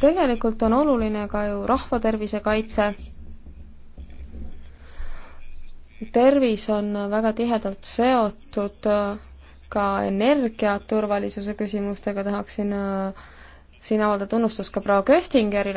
tegelikult on oluline ka ju rahvatervise kaitse. tervis on väga tihedalt seotud ka energiaturvalisuse küsimustega, tahaksin siin avaldada tunnustust ka proua Köstingerile,